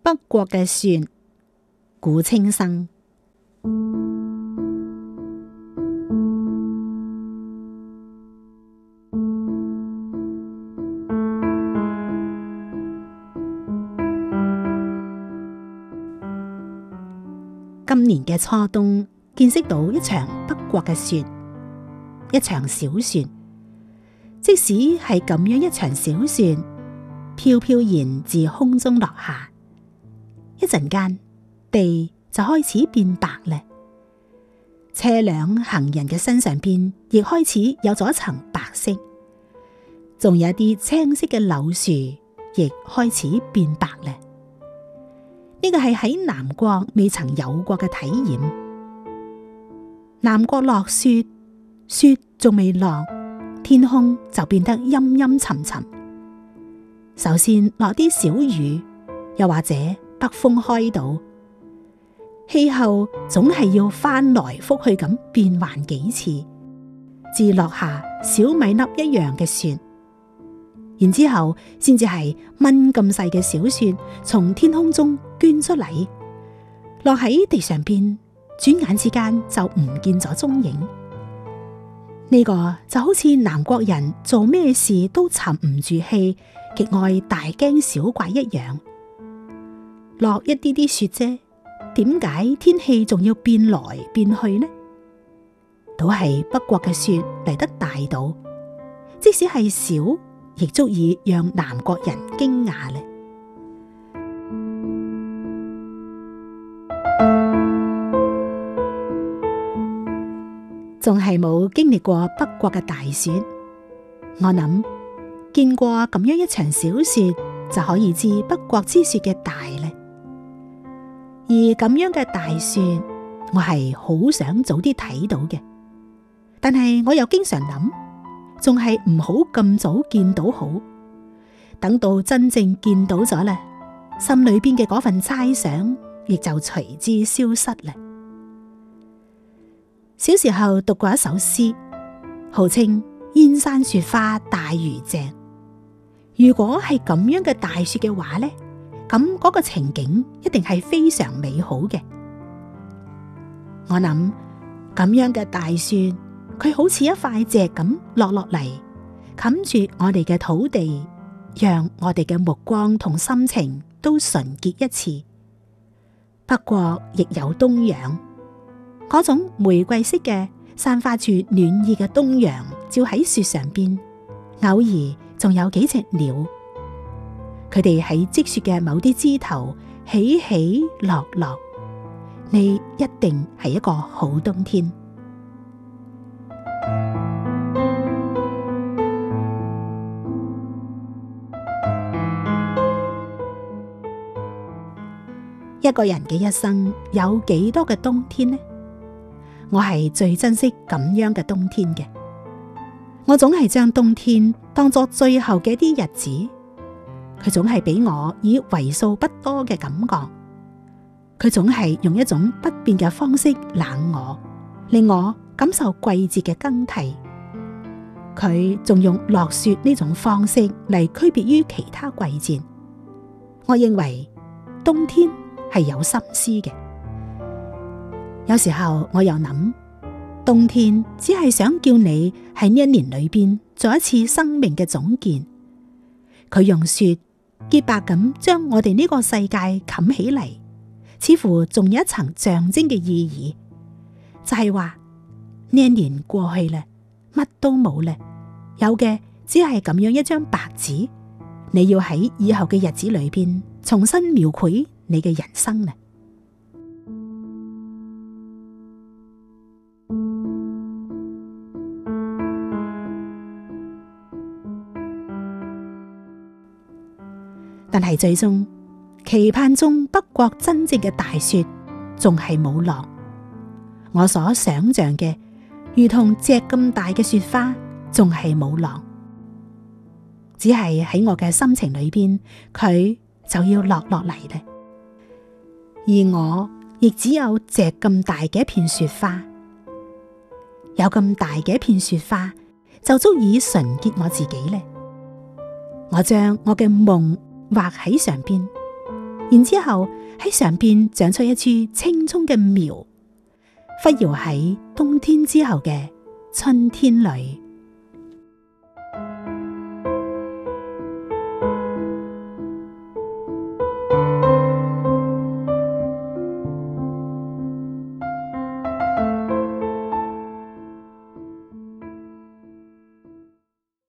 .北國嘅雪，古清生。今年嘅初冬，見識到一場北國嘅雪，一場小雪。即使係咁樣一場小雪，飄飄然自空中落下。一陣間，地就開始變白咧。車輛、行人嘅身上邊亦開始有咗一層白色，仲有啲青色嘅柳樹亦開始變白咧。呢個係喺南國未曾有過嘅體驗。南國落雪，雪仲未落，天空就變得陰陰沉沉。首先落啲小雨，又或者。北風開到，氣候總係要翻來覆去咁變幻幾次，至落下小米粒一樣嘅雪，然之後先至係蚊咁細嘅小雪從天空中捐出嚟，落喺地上邊，轉眼之間就唔見咗蹤影。呢個就好似南國人做咩事都沉唔住氣，極愛大驚小怪一樣。落一啲啲雪啫，點解天氣仲要變來變去呢？都係北國嘅雪嚟得大到，即使係小，亦足以讓南國人驚訝。呢仲係冇經歷過北國嘅大雪，我諗，見過咁樣一場小雪就可以知北國之雪嘅大。而咁樣嘅大雪，我係好想早啲睇到嘅，但係我又經常諗，仲係唔好咁早見到好，等到真正見到咗咧，心裏邊嘅嗰份猜想亦就隨之消失咧。小時候讀過一首詩，號稱燕山雪花大如席。如果係咁樣嘅大雪嘅話呢。咁嗰個情景一定係非常美好嘅。我諗咁樣嘅大雪，佢好似一塊石咁落落嚟，冚住我哋嘅土地，讓我哋嘅目光同心情都純潔一次。不過亦有冬陽，嗰種玫瑰色嘅散發住暖意嘅冬陽照喺雪上邊，偶爾仲有幾隻鳥。佢哋喺積雪嘅某啲枝頭，起起落落，你一定係一個好冬天。一個人嘅一生有幾多嘅冬天呢？我係最珍惜咁樣嘅冬天嘅。我總係將冬天當作最後嘅一啲日子。佢總係俾我以為數不多嘅感覺，佢總係用一種不變嘅方式冷我，令我感受季節嘅更替。佢仲用落雪呢種方式嚟區別於其他季節。我認為冬天係有心思嘅。有時候我又諗，冬天只係想叫你喺呢一年裏邊做一次生命嘅總結。佢用雪。潔白咁將我哋呢個世界冚起嚟，似乎仲有一層象徵嘅意義，就係話呢一年過去咧，乜都冇咧，有嘅只係咁樣一張白紙，你要喺以後嘅日子裏邊重新描繪你嘅人生咧。但係最終，期盼中北國真正嘅大雪仲係冇落。我所想象嘅，如同只咁大嘅雪花，仲係冇落。只係喺我嘅心情裏邊，佢就要落落嚟咧。而我亦只有只咁大嘅一片雪花，有咁大嘅一片雪花就足以純潔我自己咧。我將我嘅夢。畫喺上邊，然之後喺上邊長出一株青蔥嘅苗，發芽喺冬天之後嘅春天裏。